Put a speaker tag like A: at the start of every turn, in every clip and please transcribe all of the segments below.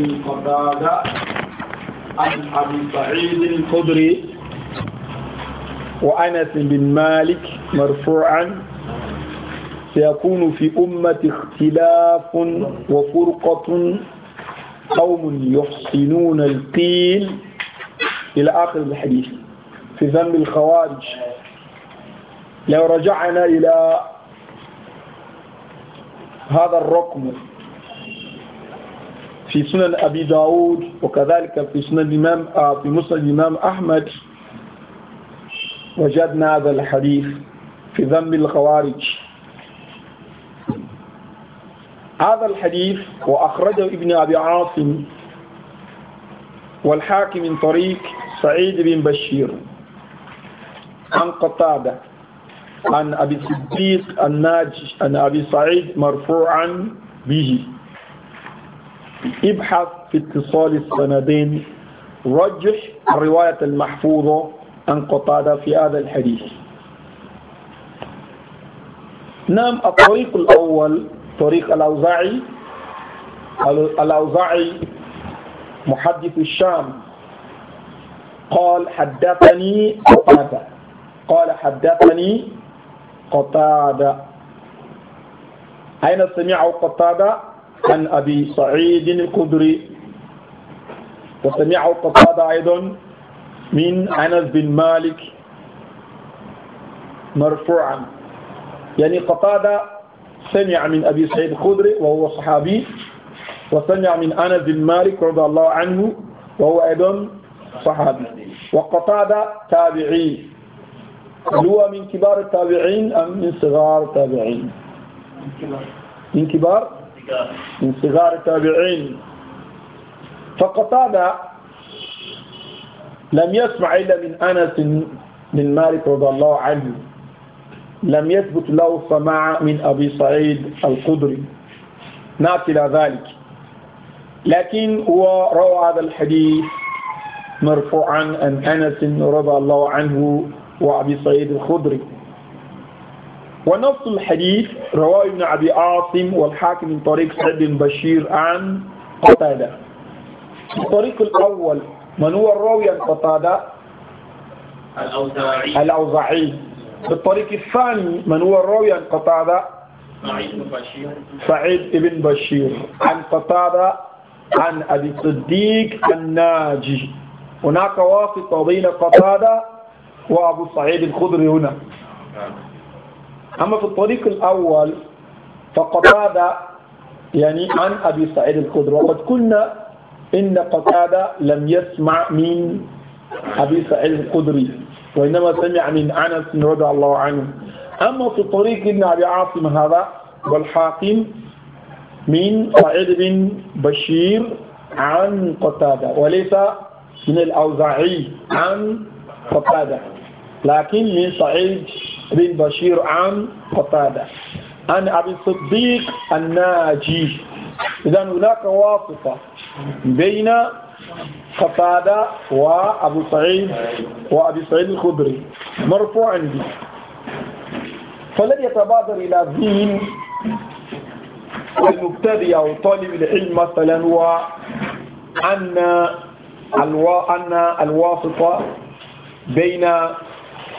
A: أبي قتادة عن أبي سعيد الخدري وأنس بن مالك مرفوعا سيكون في أمة اختلاف وفرقة قوم يحسنون القيل إلى آخر الحديث في ذنب الخوارج لو رجعنا إلى هذا الرقم في سنن أبي داود وكذلك في سنن الإمام آه، في مسند الإمام أحمد وجدنا هذا الحديث في ذنب الخوارج هذا الحديث وأخرجه ابن أبي عاصم والحاكم من طريق سعيد بن بشير عن قطادة عن أبي الصديق الناجي عن أبي سعيد مرفوعا به ابحث في اتصال السندين رجح الرواية المحفوظة عن قتادة في هذا الحديث نعم الطريق الأول طريق الأوزاعي الأوزاعي محدث الشام قال حدثني قتادة قال حدثني قتادة أين سمعه قتادة عن أبي سعيد الخدري وسمعه قصاد أيضا من أنس بن مالك مرفوعا يعني قتادة سمع من أبي سعيد الخدري وهو صحابي وسمع من أنس بن مالك رضي الله عنه وهو أيضا صحابي وقتادة تابعي هو من كبار التابعين أم من صغار التابعين من كبار من صغار التابعين فقتادة لم يسمع إلا من أنس بن مالك رضي الله عنه لم يثبت له سماع من أبي سعيد الخدري إلى ذلك لكن هو روى هذا الحديث مرفوعا عن أنس رضي الله عنه وأبي سعيد الخدري ونفس الحديث رواه ابن أبي عاصم والحاكم من طريق سعد بن بشير عن قتادة الطريق الأول من هو الراوي عن قتادة الأوزاعي الطريق الثاني من هو الراوي عن قتادة سعيد بن بشير عن قتادة عن أبي صديق الناجي هناك واسطة بين قتادة وأبو سعيد الخضري هنا نعم. أما في الطريق الأول فقتادة يعني عن أبي سعيد الخدري وقد كنا إن قتادة لم يسمع من أبي سعيد الخدري وإنما سمع من أنس رضي الله عنه أما في طريق ابن أبي عاصم هذا والحاكم من سعيد بن بشير عن قتادة وليس من الأوزاعي عن قتادة لكن من سعيد بن بشير عن قتادة عن أبي الصديق الناجي إذا هناك واسطة بين قتادة وأبو سعيد وأبي سعيد الخدري مرفوع عندي فلن يتبادر إلى الذهن المبتدئ أو طالب العلم مثلا هو أن الوا... أن الواسطة بين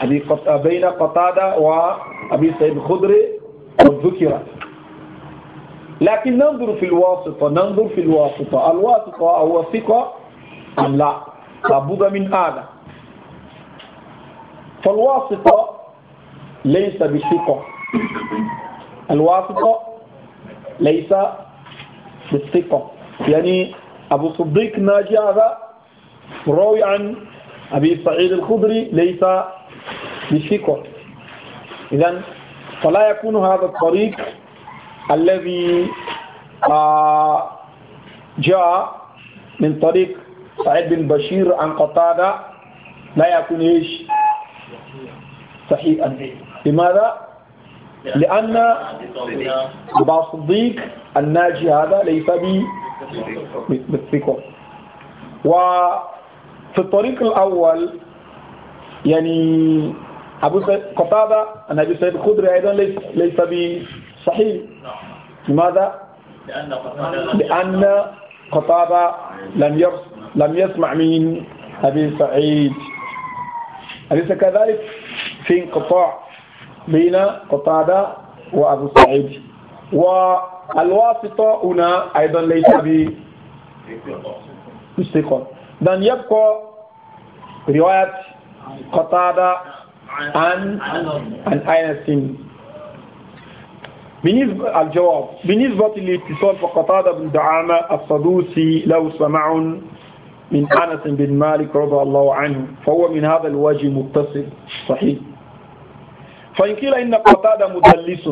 A: أبي بين قطادة وأبي سعيد خضري والذكرة لكن ننظر في الواسطة ننظر في الواسطة الواسطة هو ثقة أم لا لابد من هذا فالواسطة ليس بثقة الواسطة ليس بالثقة يعني أبو صديق ناجي هذا روي عن أبي سعيد الخضري ليس بالثقة إذا فلا يكون هذا الطريق الذي آه، جاء من طريق سعيد بن بشير عن قتادة لا يكون ايش صحيحا لماذا؟ لأن أبا الصديق الناجي هذا ليس بالثقة وفي الطريق الأول يعني أبو قتادة عن أبي سعيد الخدري أيضا ليس ليس بصحيح لماذا؟ لأن قتادة لم لم يسمع من أبي سعيد أليس كذلك؟ في انقطاع بين قتادة وأبو سعيد والواسطة هنا أيضا ليس بالثقة إذن يبقى رواية قطادة عن عن أنس بالنسبة الجواب بالنسبة للاتصال فقطادة بن دعامة الصدوسي له سمع من أنس بن مالك رضي الله عنه فهو من هذا الوجه متصل صحيح فإن قيل إن قتادة مدلس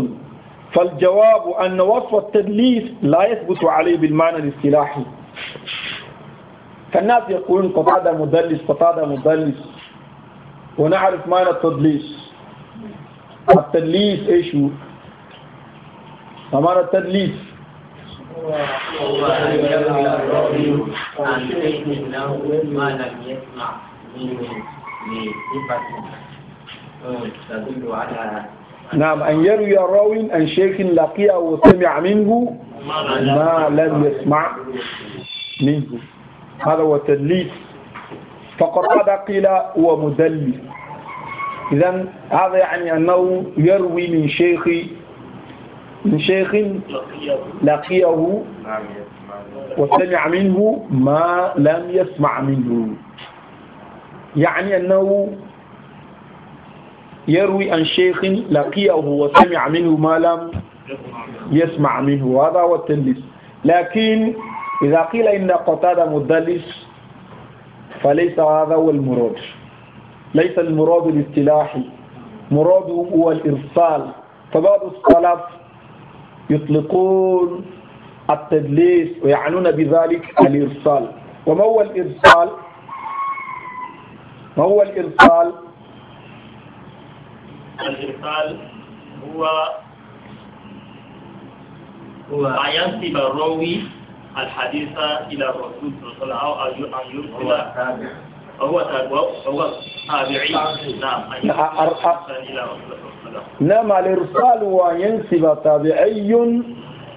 A: فالجواب أن وصف التدليس لا يثبت عليه بالمعنى الاصطلاحي فالناس يقولون قتادة مدلس قتادة مدلس ونعرف معنى التدليس التدليس ايش هو معنى التدليس
B: هو الراوي عن علم له ما لم يسمع منه بصفة على
A: نعم أن يروي الراوي عن شيخ لقيه وسمع منه
B: ما لم يسمع
A: منه هذا هو التدليس فقد قد قيل هو مدلس إذا هذا يعني أنه يروي من شيخ من شيخ لقيه وسمع منه ما لم يسمع منه يعني أنه يروي عن شيخ لقيه وسمع منه ما لم يسمع منه هذا هو التدليس لكن إذا قيل إن قتادة مدلس فليس هذا هو المراد ليس المراد الاصطلاحي مراده هو الإرسال فبعض الصلاه يطلقون التدليس ويعنون بذلك الإرسال وما هو الإرسال؟ ما هو الإرسال؟
B: الإرسال هو هو ينصب الروي الحديث إلى الرسول صلى الله عليه وسلم أو أن يرسل هو هو تابعي نعم أن يرسل إلى صلى الله
A: نعم الإرسال ينسب تابعي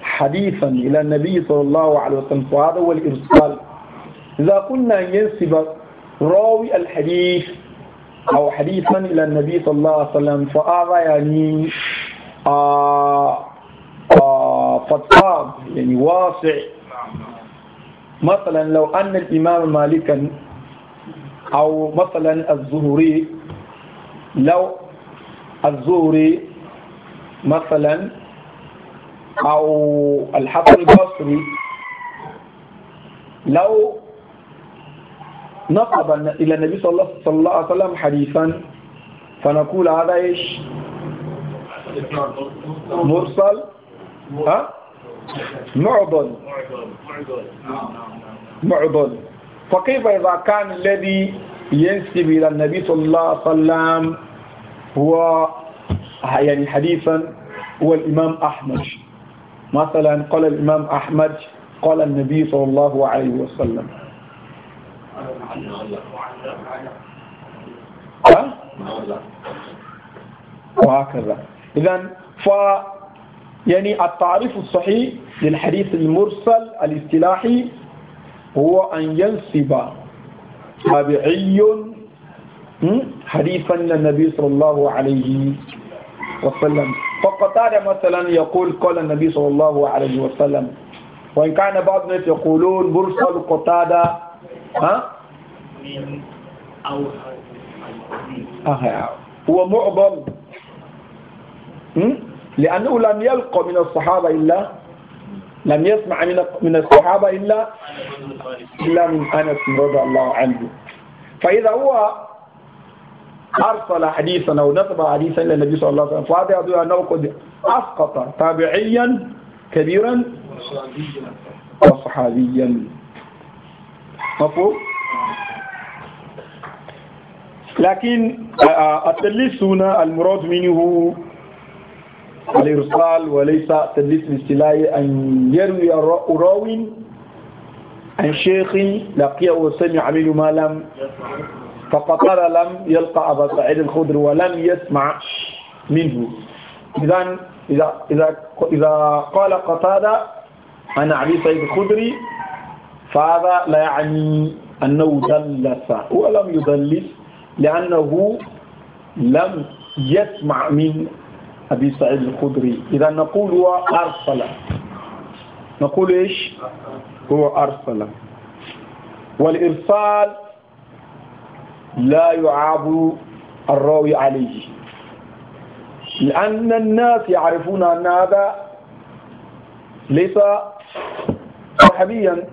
A: حديثا إلى النبي صلى الله عليه وسلم فهذا هو الإرسال إذا قلنا أن ينسب راوي الحديث أو حديثا إلى النبي صلى الله عليه وسلم فهذا يعني آه آه فتاب يعني واسع مثلا لو أن الإمام مالكا أو مثلا الزهري لو الزهري مثلا أو الحفر البصري لو نقب إلى النبي صلى الله عليه وسلم حديثا فنقول هذا إيش
B: مرسل
A: ها معضل معضل فكيف إذا كان الذي ينسب إلى النبي صلى الله عليه وسلم هو يعني حديثا هو الإمام أحمد مثلا قال الإمام أحمد قال النبي صلى الله عليه وسلم وهكذا إذا ف يعني التعريف الصحيح للحديث المرسل الاصطلاحي هو أن ينسب تابعي حديثا للنبي صلى الله عليه وسلم هذا مثلا يقول قال النبي صلى الله عليه وسلم وإن كان بعض الناس يقولون مرسل قتادة
B: ها آه، آه،
A: آه. هو معظم لأنه لم يلقى من الصحابة إلا لم يسمع من من الصحابة إلا إلا من أنس رضي الله عنه فإذا هو أرسل حديثا أو نسب حديثا إلى النبي صلى الله عليه وسلم فهذا يدل أنه قد أسقط تابعيا كبيرا وصحابيا مفهوم؟ لكن آه، آه، التليس هنا المراد منه الإرسال وليس تدليس الاستلاء أن يروي أراوي عن شيخ لقيه وسمع منه ما لم فقطر لم يلقى أبا سعيد الخضر ولم يسمع منه إذا إذا إذا إذا قال قتادة عن أبي سعيد الخضري فهذا لا يعني أنه دلس ولم يدلس لأنه لم يسمع من أبي سعيد الخدري إذا نقول هو أرسل نقول إيش هو أرسل والإرسال لا يعاب الراوي عليه لأن الناس يعرفون أن هذا ليس صحابيا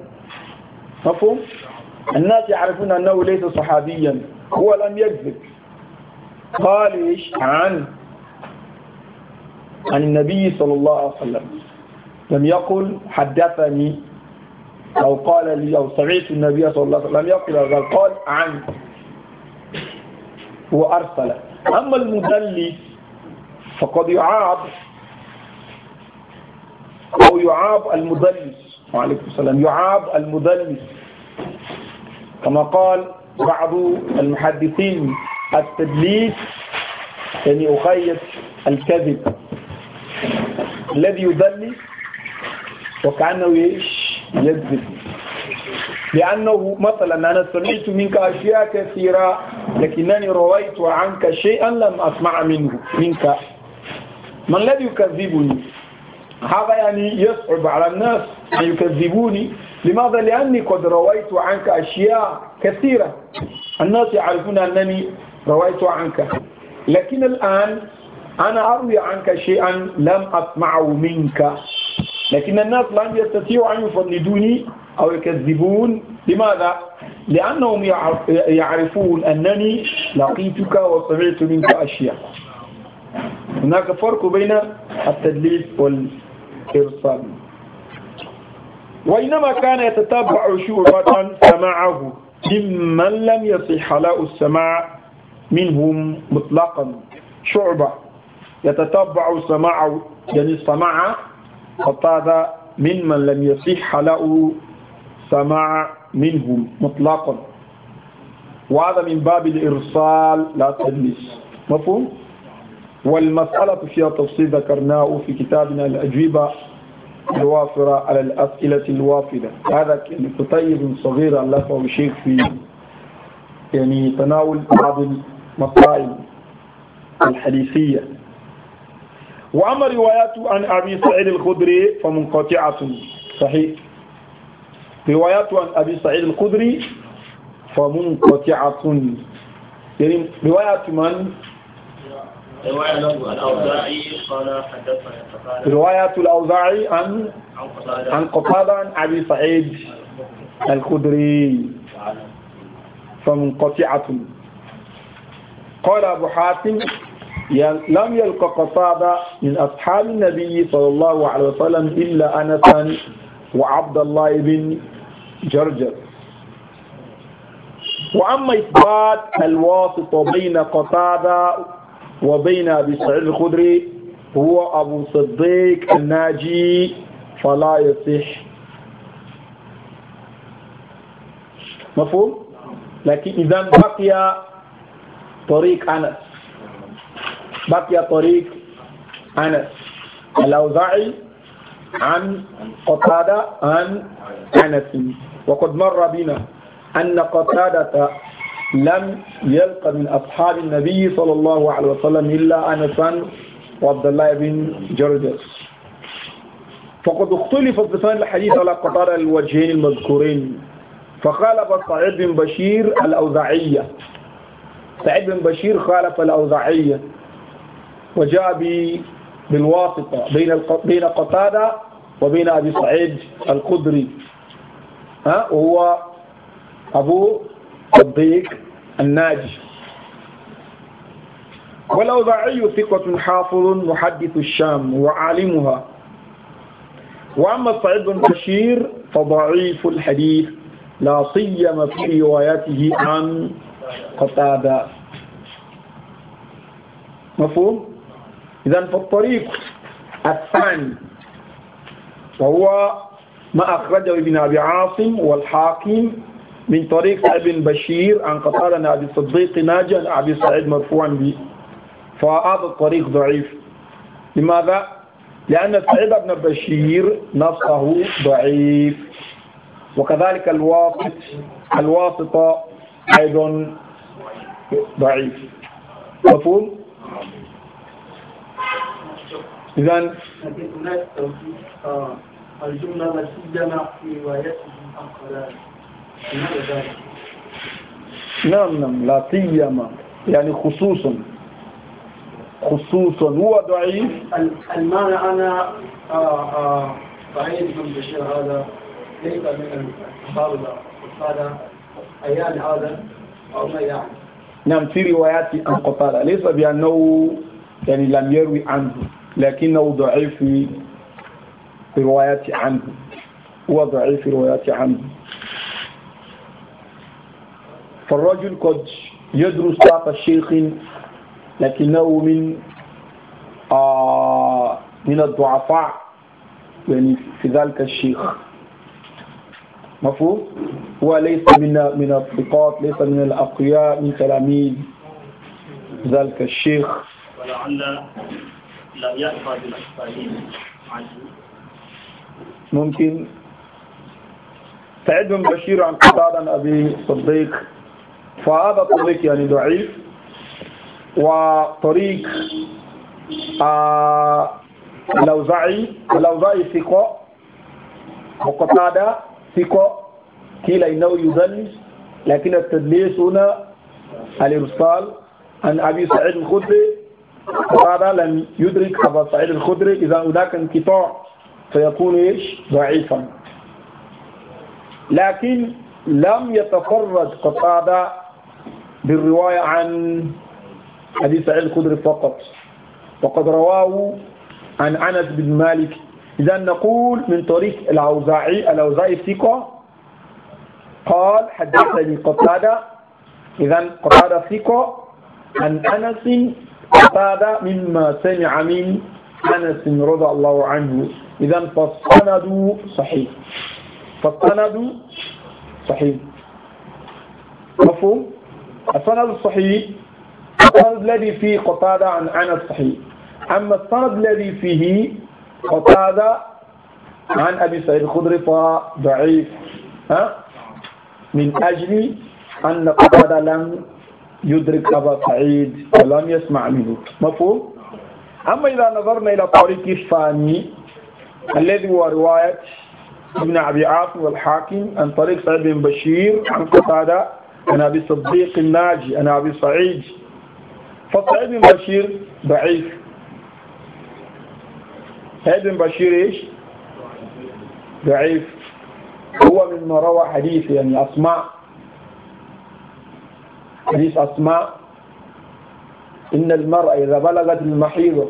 A: مفهوم؟ الناس يعرفون أنه ليس صحابيا هو لم يكذب قال إيش عن عن النبي صلى الله عليه وسلم لم يقل حدثني أو قال لي أو سمعت النبي صلى الله عليه وسلم لم يقل بل قال عن وأرسل أما المدلس فقد يعاب أو يعاب المدلس وعليكم السلام يعاب المدلس كما قال بعض المحدثين التدليس يعني أخيط الكذب الذي يبلي وكأنه ايش يكذب لأنه مثلا أنا سمعت منك أشياء كثيرة لكنني رويت عنك شيئا لم أسمع منه منك ما الذي يكذبني هذا يعني يصعب على الناس أن يكذبوني لماذا؟ لأني قد رويت عنك أشياء كثيرة الناس يعرفون أنني رويت عنك لكن الآن أنا أروي عنك شيئا لم أسمعه منك لكن الناس لم يستطيعوا أن يفندوني أو يكذبون لماذا؟ لأنهم يعرفون أنني لقيتك وسمعت منك أشياء هناك فرق بين التدليس والإرسال وإنما كان يتتبع شعبة سماعه ممن لم يصح له السماع منهم مطلقا شعبة يتتبع سماعه يعني سماع من ممن لم يصح له سماع منهم مطلقا وهذا من باب الإرسال لا تدلس مفهوم؟ والمسألة فيها تفصيل ذكرناه في كتابنا الأجوبة الوافرة على الأسئلة الوافدة هذا كتيب صغير ألفه الشيخ في يعني تناول بعض المسائل الحديثية وأما روايات عن أبي سعيد الخدري فمنقطعة صحيح روايات عن أبي سعيد الخدري فمنقطعة يعني رواية من؟ رواية الأوزاعي
B: قال حدثنا رواية
A: الأوزاعي عن عن قتادة عن أبي سعيد الخدري فمنقطعة قال أبو حاتم لم يلقى قصابة من أصحاب النبي صلى الله عليه وسلم إلا أنسا وعبد الله بن جرجر وأما إثبات الواسطة بين قتادة وبين أبي سعيد الخدري هو أبو صديق الناجي فلا يصح مفهوم؟ لكن إذا بقي طريق أنس بقي طريق أنس الأوزاعي عن قتادة عن أنس وقد مر بنا أن قتادة لم يلقى من أصحاب النبي صلى الله عليه وسلم إلا أنسا وعبد الله بن جرجس فقد اختلف في الحديث على قطار الوجهين المذكورين فخالف سعيد بن بشير الأوزاعية سعيد بن بشير خالف الأوزاعية وجاء بالواسطة بين بين قتادة وبين أبي سعيد الخدري ها وهو أبو صديق الناجي والأوزاعي ثقة حافظ محدث الشام وعالمها وأما سعيد بن بشير فضعيف الحديث لا سيما في روايته عن قتادة مفهوم؟ إذا فالطريق الثاني وهو ما أخرجه ابن أبي عاصم والحاكم من طريق ابن بشير عن قتالنا أبي الصديق ناجى عن أبي سعيد مرفوعا به فهذا الطريق ضعيف لماذا؟ لأن سعيد بن بشير نفسه ضعيف وكذلك الواسط الواسطة أيضا ضعيف مفهوم؟ إذا هناك الجملة لا سيما في نعم نعم لا سيما يعني خصوصا خصوصا هو
B: ضعيف المعنى أنا
A: بعيد آه، آه، من بشير هذا ليس من الخالدة هذا أيان هذا أو ما يعني نعم في رواياتي عن قتادة ليس بأنه يعني لم يروي عنه لكنه ضعيف في روايات عنه هو ضعيف في روايات عنه فالرجل قد يدرس تحت الشيخ لكنه من آه من الضعفاء يعني في ذلك الشيخ مفهوم هو ليس من من الثقات ليس من الاقوياء من تلاميذ ذلك الشيخ
B: ولعل
A: ممكن سعيد بن بشير عن قتادة أبي صديق فهذا طريق يعني ضعيف وطريق آه الأوزاعي ثقة وقتادة ثقة قيل إنه يدلس لكن التدليس هنا الإرسال عن أبي سعيد الخدري وهذا لم يدرك أبا سعيد الخدري إذا هناك انقطاع فيكون إيش ضعيفا لكن لم يتفرد قتادة بالرواية عن أبي سعيد الخدري فقط وقد رواه عن أنس بن مالك إذا نقول من طريق الأوزاعي الأوزاعي ثقة قال حدثني قتادة إذا قتادة ثقة عن أنس قتادة مما سمع من أنس رضي الله عنه إذا فالسند صحيح فالسند صحيح مفهوم؟ السند الصحيح السند الذي فيه قتادة عن أنس صحيح أما السند الذي فيه قتادة عن أبي سعيد الخدري فضعيف ها؟ من أجل أن قتادة لم يدرك أبا سعيد ولم يسمع منه مفهوم؟ أما إذا نظرنا إلى الطريق الثاني الذي هو رواية ابن أبي عاصم والحاكم عن طريق سعيد بن بشير عن قتادة عن أبي صديق الناجي عن أبي سعيد فسعيد بن بشير ضعيف سعيد بن بشير إيش؟ ضعيف هو من روى حديث يعني أسماء حديث أسماء إن المرأة إذا بلغت المحيض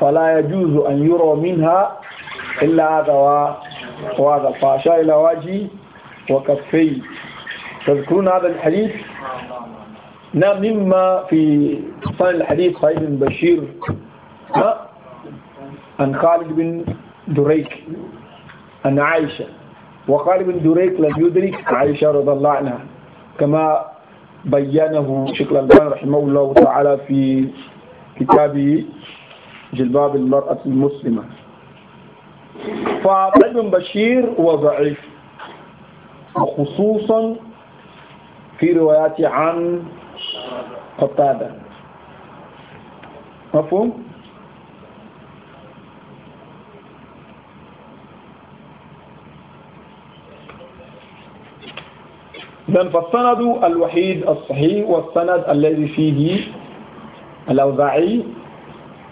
A: فلا يجوز أن يرى منها إلا هذا وهذا فأشار إلى وجهي وكفي تذكرون هذا الحديث نعم مما في صنع الحديث خالد بن بشير عن خالد بن دريك عن عائشة وخالد بن دريك لم يدرك عائشة رضي الله عنها كما بينه شيخ الألباني رحمه الله تعالى في كتابه جلباب المرأة المسلمة فعبد بشير وضعيف وخصوصا في روايات عن قتادة مفهوم؟ إذن فالسند الوحيد الصحيح والسند الذي فيه الأوزاعي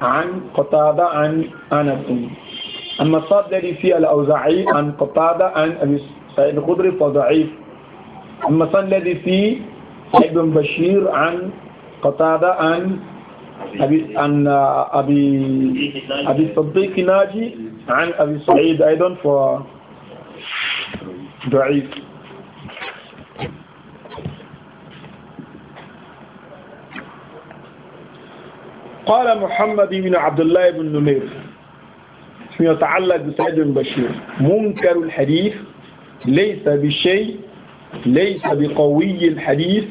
A: عن قتادة عن أنس أما الصاد الذي فيه الأوزاعي عن قتادة عن أبي سعيد الخدري فضعيف أما الصاد الذي فيه سعيد بن بشير عن قتادة عن أبي عن أبي أبي الصديق ناجي عن أبي سعيد أيضا فضعيف قال محمد بن عبد الله بن نمير فيما يتعلق بسعيد بن بشير منكر الحديث ليس بشيء ليس بقوي الحديث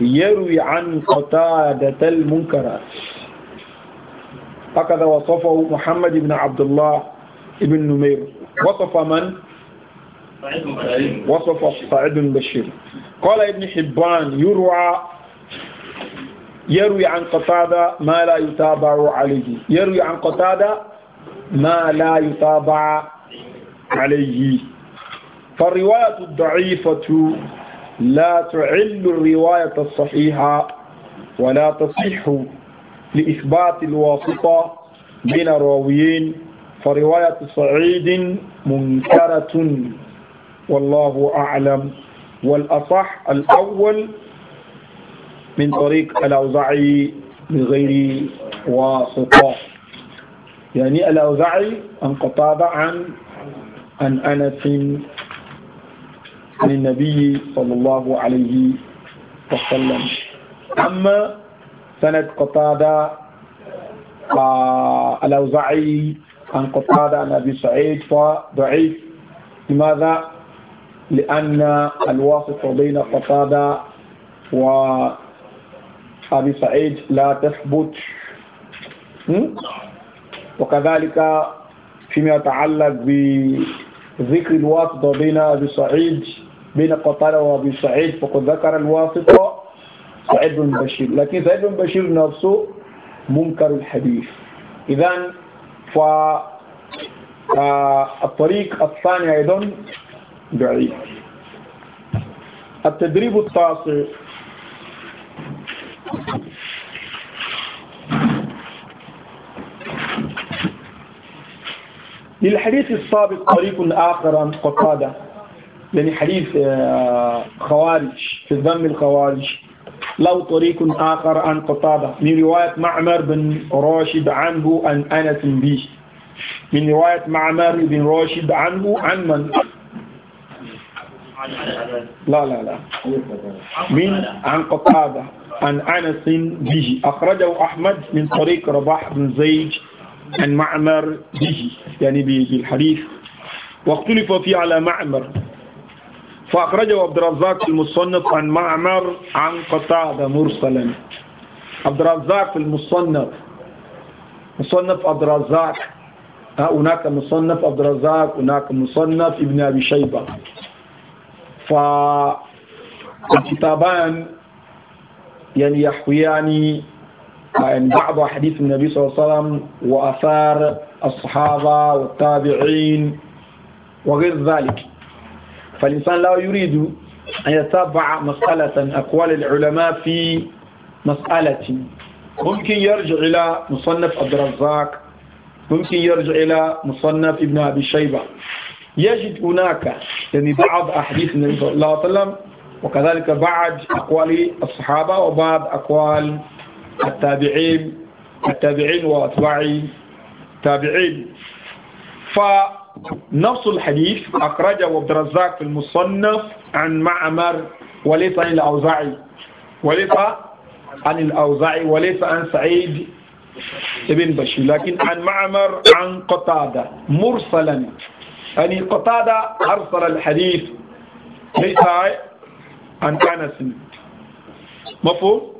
A: يروي عن قتادة المنكرات هكذا وصفه محمد بن عبد الله بن نمير وصف من؟ وصف سعيد بن بشير قال ابن حبان يروى يروي عن قتادة ما لا يتابع عليه يروي عن قتادة ما لا يتابع عليه فالرواية الضعيفة لا تعل الرواية الصحيحة ولا تصح لإثبات الواسطة بين الراويين فرواية سعيد منكرة والله أعلم والأصح الأول من طريق الأوزاعي من غير واسطة يعني الأوزاعي انقطع عن عن أنس عن النبي صلى الله عليه وسلم أما سند قطادة آه، الأوزعي الأوزاعي عن قطادة عن أبي سعيد فضعيف لماذا؟ لأن الواسطة بين قطادة و أبي سعيد لا تثبت وكذلك فيما يتعلق بذكر الواسطة بين أبي سعيد بين قطر وأبي سعيد فقد ذكر الواسطة سعيد بن بشير لكن سعيد بن بشير نفسه منكر الحديث إذا ف آه، الطريق الثاني أيضا ضعيف التدريب التاسع للحديث السابق طريق آخر عن قتادة يعني حديث آه، خوارج في ذم الخوارج له طريق آخر عن قتادة من رواية معمر بن راشد عنه عن أنس به من رواية معمر بن راشد عنه عن من لا لا لا من عن قتادة عن أنس به أخرجه أحمد من طريق رباح بن زيد عن معمر به يعني بالحديث واختلف فيه على معمر فأخرجه عبد الرزاق المصنف عن معمر عن قتادة مرسلا عبد الرزاق المصنف مصنف عبد الرزاق هناك مصنف عبد الرزاق هناك مصنف ابن أبي شيبة فالكتابان يعني يحويان آه، عن يعني بعض أحاديث النبي صلى الله عليه وسلم وأثار الصحابة والتابعين وغير ذلك فالإنسان لا يريد أن يتابع مسألة أقوال العلماء في مسألة ممكن يرجع إلى مصنف عبد الرزاق ممكن يرجع إلى مصنف ابن أبي شيبة يجد هناك يعني بعض أحاديث النبي صلى الله عليه وسلم وكذلك بعض أقوال الصحابة وبعض أقوال التابعين التابعين وأتباع التابعين فنفس الحديث أخرجه عبد الرزاق في المصنف عن معمر وليس عن الأوزاعي وليس عن الأوزاعي وليس عن سعيد ابن بشير لكن عن معمر عن قتادة مرسلا يعني قتادة أرسل الحديث ليس عن أنس مفهوم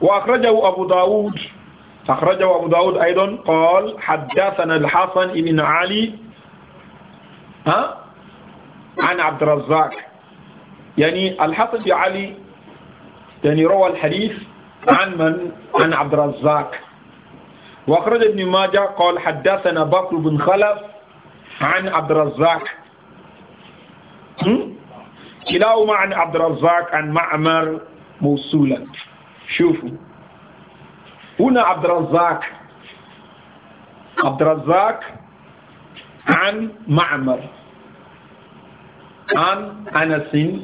A: وأخرجه أبو داود أخرجه أبو داود أيضا قال حدثنا الحسن بن علي ها عن عبد الرزاق يعني الحسن بن علي يعني روى الحديث عن من عن عبد الرزاق وأخرج ابن ماجه قال حدثنا بكر بن خلف عن عبد الرزاق كلاهما عن عبد الرزاق عن معمر موصولا شوفوا هنا عبد الرزاق عبد الرزاق عن معمر عن أنس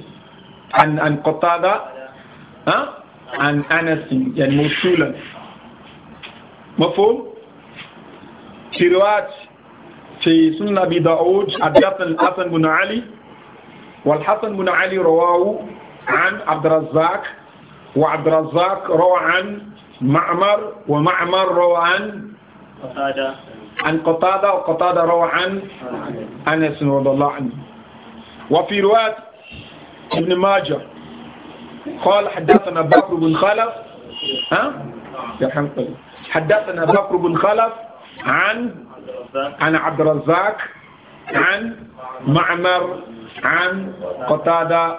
A: عن عن قتادة ها عن أنس يعني موصولا مفهوم في رواه في سنن أبي داود حدثنا الحسن بن علي والحسن بن علي رواه عن عبد الرزاق وعبد الرزاق روى عن معمر ومعمر روى عن قتادة عن قتادة وقتادة روى عن أنس رضي الله عنه وفي رواية ابن ماجه قال حدثنا بكر بن خلف ها يرحمك حدثنا بكر بن خلف عن عن عبد الرزاق عن معمر عن قتادة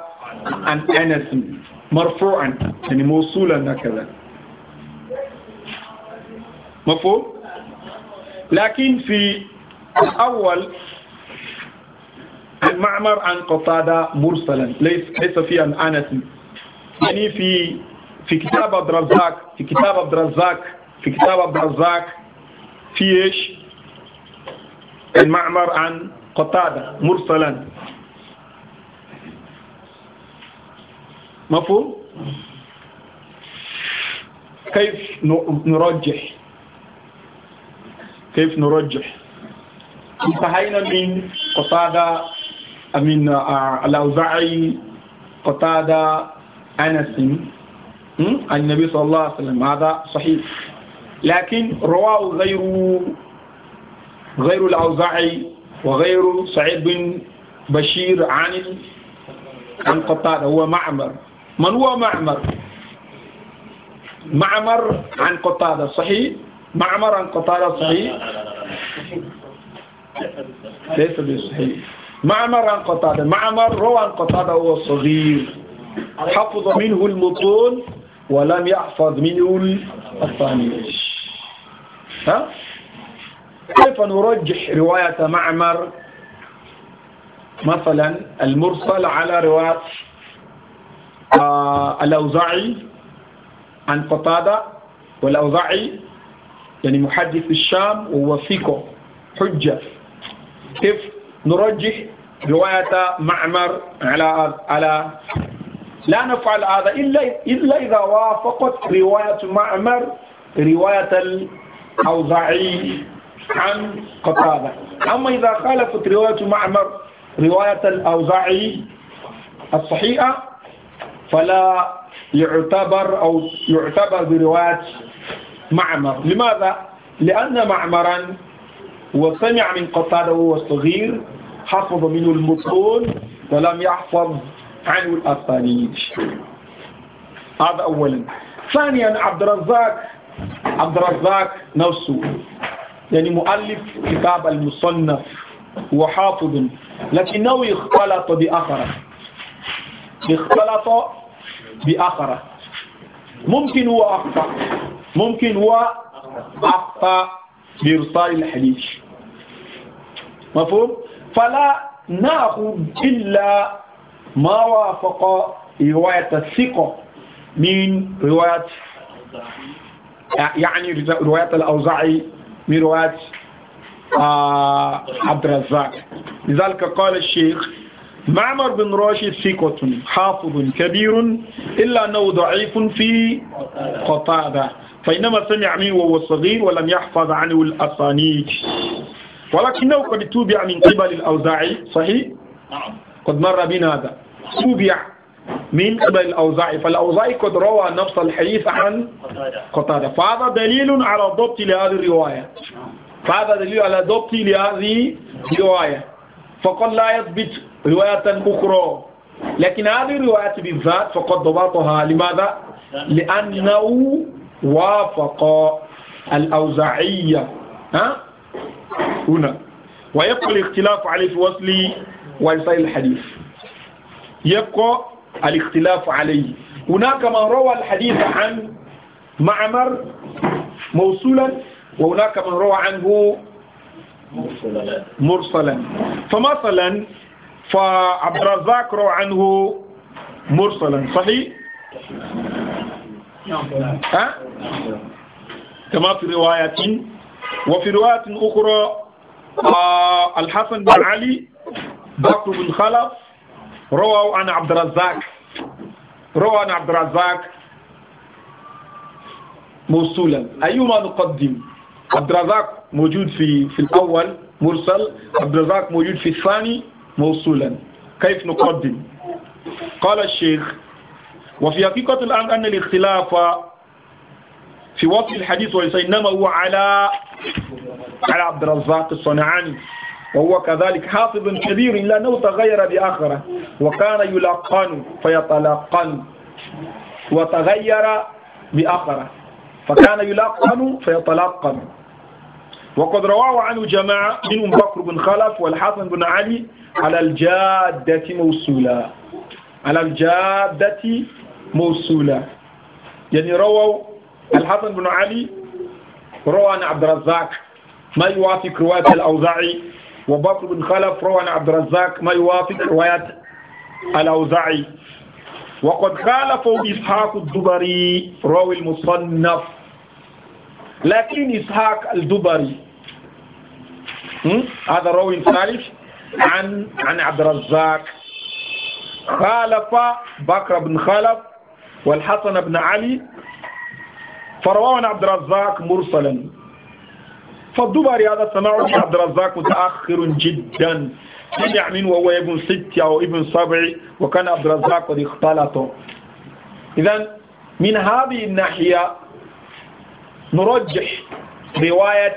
A: عن أنس مرفوعا يعني موصولا هكذا مفهوم لكن في الأول المعمر عن قتادة مرسلا ليس ليس في عن أنس يعني في في كتاب عبد الرزاق في كتاب عبد الرزاق في كتاب عبد الرزاق في ايش؟ المعمر عن قتادة مرسلا مفهوم كيف نرجح كيف نرجح
B: انتهينا من
A: قتادة آه، من آه، الأوزاعي قتادة أنس عن النبي صلى الله عليه وسلم هذا صحيح لكن رواه غير غير الأوزاعي وغير سعيد بن بشير عن عن قتادة هو معمر من هو معمر معمر عن قتادة صحيح معمر عن قتادة
B: صحيح ليس
A: بصحيح معمر عن قتادة معمر روى عن قتادة وهو صغير حفظ منه المطول ولم يحفظ منه الثاني ها كيف نرجح رواية معمر مثلا المرسل على رواية آه، الأوزاعي عن قتادة والأوزاعي يعني محدث الشام وهو فيكو حجة كيف نرجح رواية معمر على على لا نفعل هذا إلا إلا إذا وافقت رواية معمر رواية الأوزاعي عن قطادة أما إذا خالفت رواية معمر رواية الأوزاعي الصحيحة فلا يعتبر أو يعتبر برواية معمر لماذا؟ لأن معمرا وسمع من قتادة وهو صغير حفظ منه المتون ولم يحفظ عنه الأسانيد هذا أولا ثانيا عبد الرزاق عبد الرزاق نفسه يعني مؤلف كتاب المصنف وحافظ لكنه اختلط بآخرة اختلط بآخرة ممكن هو أخطأ ممكن هو أخطأ بإرسال الحديث مفهوم؟ فلا نأخذ إلا ما وافق رواية الثقة من رواية يعني رواية الأوزاعي آه عبد الرزاق لذلك قال الشيخ معمر بن راشد ثقة حافظ كبير إلا أنه ضعيف في قطادة فإنما سمع منه وهو صغير ولم يحفظ عنه الأسانيد ولكنه قد توبع من قبل الأوزاعي صحيح؟ نعم. قد مر بنا هذا توبع من قبل الأوزاعي فالأوزاعي قد روى نفس الحديث عن قتادة فهذا دليل على ضبط لهذه الرواية فهذا دليل على ضبط لهذه الرواية فقد لا يثبت رواية أخرى لكن هذه الرواية بالذات فقد ضبطها لماذا؟ لأنه وافق الأوزاعية ها؟ هنا ويبقى الاختلاف عليه في وصل وإرسال الحديث يبقى الاختلاف عليه هناك من روى الحديث عن معمر موصولا وهناك من روى عنه مرسلا فمثلا فعبد الرزاق روى عنه مرسلا صحيح ها؟ كما في رواية وفي رواية أخرى آه، الحسن بن علي بكر بن خلف رواه عن عبد الرزاق رواه عن عبد الرزاق موصولا أيما نقدم عبد الرزاق موجود في في الأول مرسل عبد الرزاق موجود في الثاني موصولا كيف نقدم قال الشيخ وفي حقيقة الآن أن الاختلاف في وصف الحديث وليس إنما هو على على عبد الرزاق الصنعاني وهو كذلك حافظ كبير إلا أنه تغير بآخرة وكان يلقن فيتلقن وتغير بآخرة فكان يلقن فيتلقن وقد رواه عنه جماعة منهم بكر بن خلف والحسن بن علي على الجادة موصولا على الجادة موصولا يعني رووا الحسن بن علي روى عن عبد الرزاق ما يوافق رواية الأوزاعي وبكر بن خلف روى عن عبد الرزاق ما يوافق رواية الأوزاعي وقد خالفه إسحاق الدبري روى المصنف لكن إسحاق الدبري هذا روي ثالث عن عن عبد الرزاق خالف بكر بن خلف والحسن بن علي فرواه عن عبد الرزاق مرسلا فالدبري هذا سماع عبد الرزاق متأخر جدا سمع منه وهو ابن ست أو ابن سبع وكان عبد الرزاق قد اختلطه إذا من هذه الناحية نرجح رواية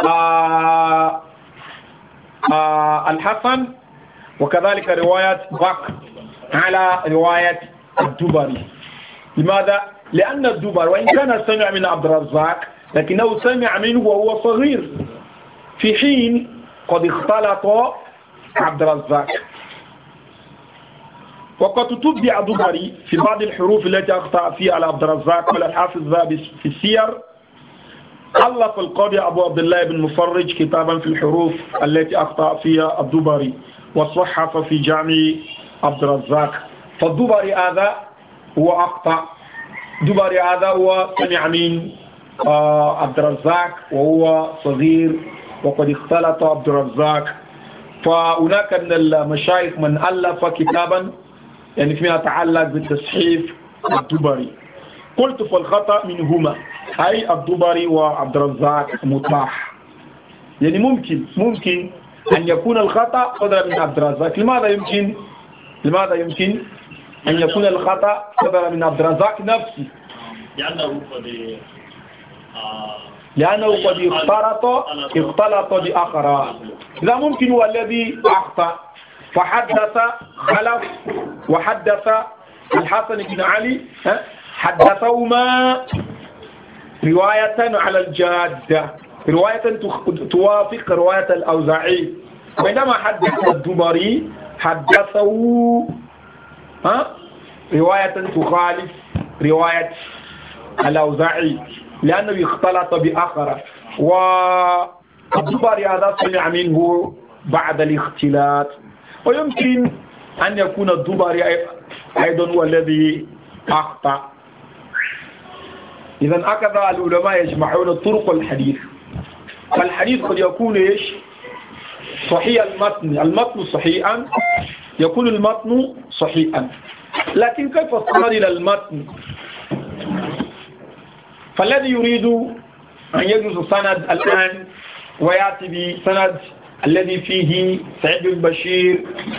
A: آآ آه، آآ آه، الحسن وكذلك رواية بكر على رواية الدبري لماذا؟ لأن الدبر وإن كان سمع من عبد الرزاق لكنه سمع منه وهو صغير في حين قد اختلط عبد الرزاق وقد تتبع دبري في بعض الحروف التي أخطأ فيها على عبد الرزاق قال الحافظ في السير ألف القاضي أبو عبد الله بن مفرج كتابا في الحروف التي أخطأ فيها الدبري وصحف في جامع عبد الرزاق فالدبري هذا هو أخطأ دبري هذا هو سمع من آه، عبد الرزاق وهو صغير وقد اختلط عبد الرزاق فهناك من المشايخ من ألف كتابا يعني فيما يتعلق بالتصحيف الدبري قلت فالخطأ منهما أي الدبري وعبد الرزاق متاح يعني ممكن ممكن أن يكون الخطأ قدر من عبد الرزاق لماذا يمكن لماذا يمكن
B: أن يكون الخطأ
A: قدر من عبد الرزاق نفسه لأنه لأنه قد اختلط اختلط بآخر إذا ممكن هو الذي أخطأ فحدث خلف وحدث الحسن بن علي حدثهما رواية على الجادة رواية توافق رواية الأوزاعي بينما حدث الدبري حدثه ها رواية تخالف رواية الأوزاعي لأنه اختلط بآخر والدبر هذا سمع منه بعد الاختلاط ويمكن أن يكون الدبر أيضا هو الذي أخطأ إذا هكذا العلماء يجمعون طرق الحديث فالحديث قد يكون إيش صحيح المتن المتن صحيحا يكون المتن صحيحا لكن كيف الصلاة إلى المتن فالذي يريد أن يجوز سند الآن ويأتي بسند الذي فيه سعيد بن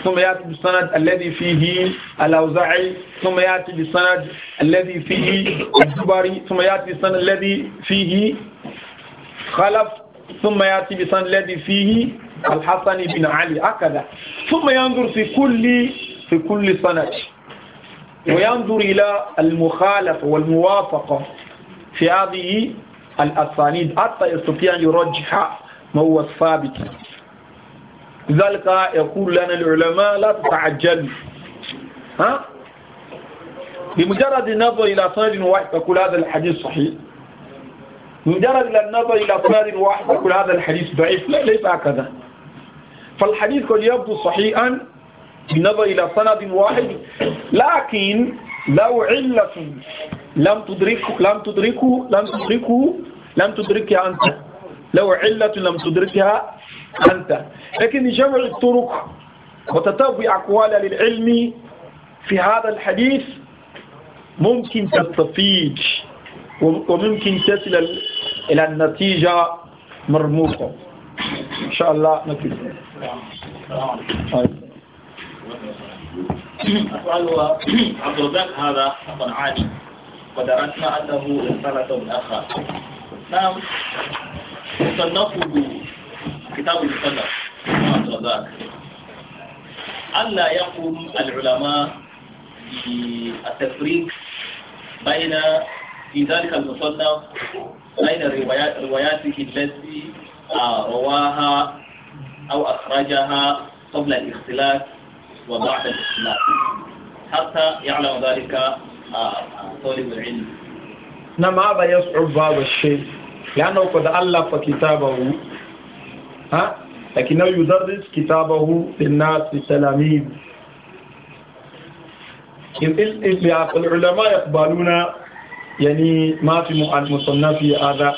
A: ثم يأتي بالسند الذي فيه الأوزاعي ثم يأتي بالسند الذي فيه الزبري ثم يأتي بالسند الذي فيه خلف ثم يأتي بالسند الذي فيه الحسن بن علي هكذا ثم ينظر في كل في كل سند وينظر إلى المخالفة والموافقة في هذه الأسانيد حتى يستطيع أن يرجح ما هو الثابت لذلك يقول لنا العلماء لا تتعجل ها بمجرد النظر إلى صاد واحد تقول هذا الحديث صحيح بمجرد النظر إلى صاد واحد تقول هذا الحديث ضعيف لا ليس هكذا فالحديث قد يبدو صحيحا بالنظر إلى سند واحد لكن لو علة لم تدركه لم تدركه لم تدركه لم تدركها أنت لو علة لم تدركها أنت لكن جمع الطرق وتتبع أقوال للعلم في هذا الحديث ممكن تستفيد وممكن تصل إلى النتيجة مرموقة إن شاء الله نكتب
B: أسأل عبد الرزاق هذا أصلا
A: عادي ودركنا أنه رسالة أخرى نعم مصنفه كتاب المصنف عبد الرزاق ألا يقوم العلماء بالتفريق بين في ذلك المصنف بين رواياته التي آه، رواها أو أخرجها قبل
B: الاختلاف وبعد الاختلاف حتى يعلم ذلك طالب العلم
A: نعم هذا يصعب هذا الشيء لأنه قد ألف كتابه ها لكنه يدرس كتابه للناس للتلاميذ العلماء يقبلون يعني ما في المصنف هذا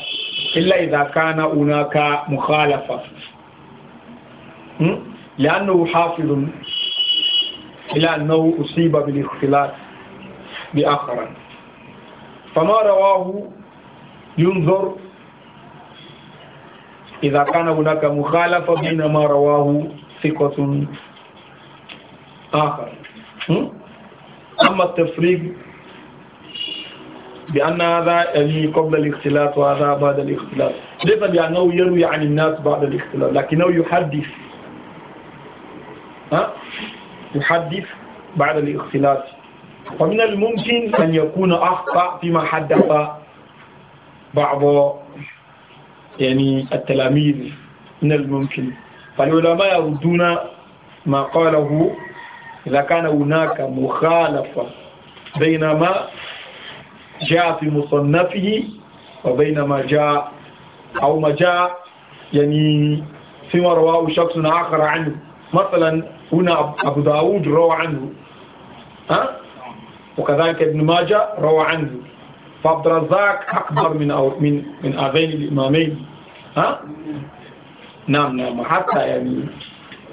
A: إلا إذا كان هناك مخالفة لأنه حافظ إلى أنه أصيب بالاختلاط بآخر فما رواه ينظر إذا كان هناك مخالفة بين ما رواه ثقة آخر أما التفريق بأن هذا يعني قبل الاختلاط وهذا بعد الاختلاط ليس بأنه يروي عن الناس بعد الاختلاط لكنه يحدث ها؟ يحدث بعد الاختلاط فمن الممكن أن يكون أخطأ فيما حدث بعض يعني التلاميذ من الممكن فالعلماء يردون ما قاله إذا كان هناك مخالفة بين ما جاء في مصنفه وبين ما جاء أو ما جاء يعني فيما رواه شخص آخر عنه مثلا هنا أبو داود روى عنه ها وكذلك ابن ماجه روى عنه فعبد الرزاق أكبر من أو من من هذين الإمامين ها نعم نعم حتى يعني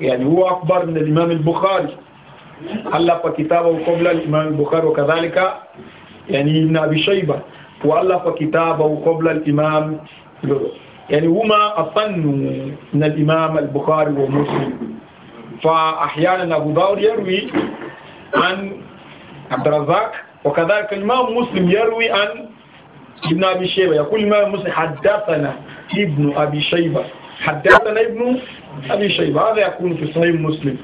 A: يعني هو أكبر من الإمام البخاري ألف كتابه قبل الإمام البخاري وكذلك يعني ابن أبي شيبة وألف كتابه قبل الإمام يعني هما أطن من الإمام البخاري ومسلم فأحيانا أبو داود يروي عن عبد الرزاق وكذلك الإمام مسلم يروي عن ابن أبي شيبة يقول الإمام مسلم حدثنا ابن أبي شيبة حدثنا ابن أبي شيبة هذا يكون في صحيح مسلم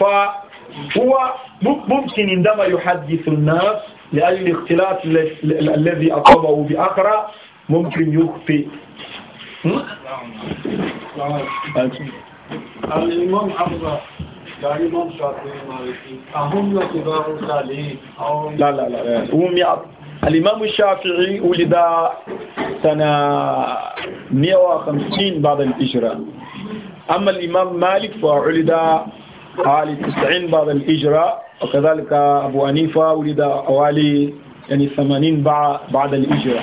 A: فهو ممكن عندما يحدث الناس لأجل الاختلاف الذي أصابه بأخرى ممكن يخفي
B: الإمام حفظه دائما لا لا لا هم
A: الإمام الشافعي ولد سنة 150 بعد الهجرة أما الإمام مالك فولد حوالي 90 بعد الهجرة وكذلك أبو حنيفة ولد حوالي يعني 80 بعد الهجرة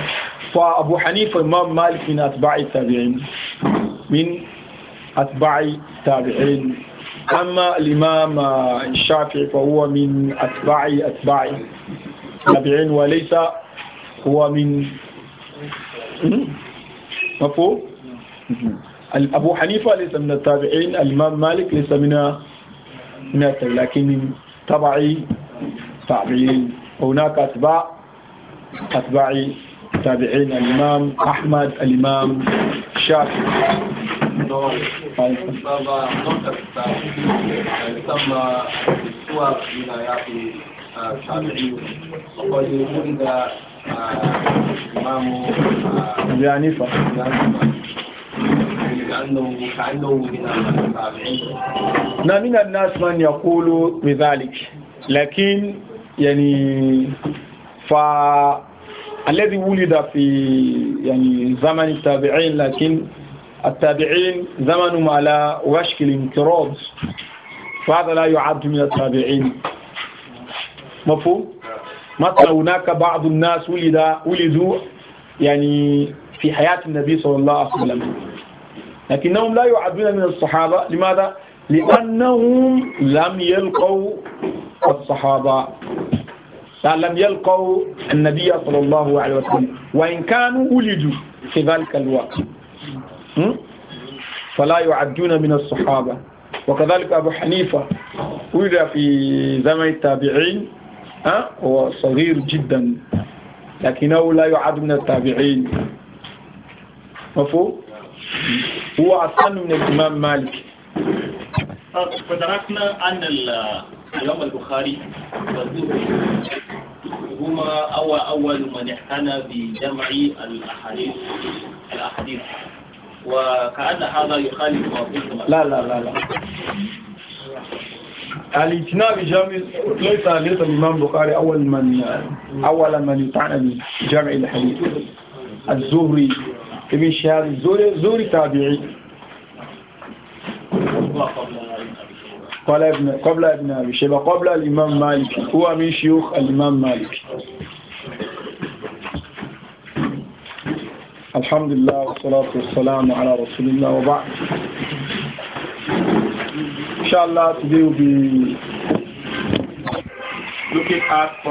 A: فأبو حنيفة الإمام مالك من أتباع التابعين من أتباع التابعين أما الإمام الشافعي فهو من أتباع أتباع التابعين وليس هو من مفهوم أبو حنيفة ليس من التابعين الإمام مالك ليس من من التابعين لكن من تبعي تابعين هناك أتباع أتباع تابعين الإمام أحمد الإمام الشافعي non na mina annas man yaqulu bidhalik lakin yani fa alladhi wulida fi yani zamani tabi'in lakin التابعين زمنهم على وشك الانقراض فهذا لا يعد من التابعين مفهوم مثلا هناك بعض الناس ولد ولدوا يعني في حياة النبي صلى الله عليه وسلم لكنهم لا يعدون من الصحابة لماذا؟ لأنهم لم يلقوا الصحابة لم يلقوا النبي صلى الله عليه وسلم وإن كانوا ولدوا في ذلك الوقت فلا يعدون من الصحابة وكذلك أبو حنيفة ولد في زمن التابعين ها هو صغير جدا لكنه لا يعد من التابعين مفهوم هو أصلا من الإمام مالك فدركنا أن الإمام البخاري والزهري هما أول أول من اعتنى بجمع الأحاديث
B: الأحاديث وكأن هذا يخالف لا لا لا لا
A: الاجتناء جامع ليس ليس الإمام البخاري أول من أول من يطعن بجامع الحديث الزهري ابن شهاب الزهري الزهري تابعي قبل ابن قبل ابن أبي شيبة قبل الإمام مالك هو من شيوخ الإمام مالك الحمد لله والصلاة والسلام على رسول الله وبعد
B: الله today will be looking at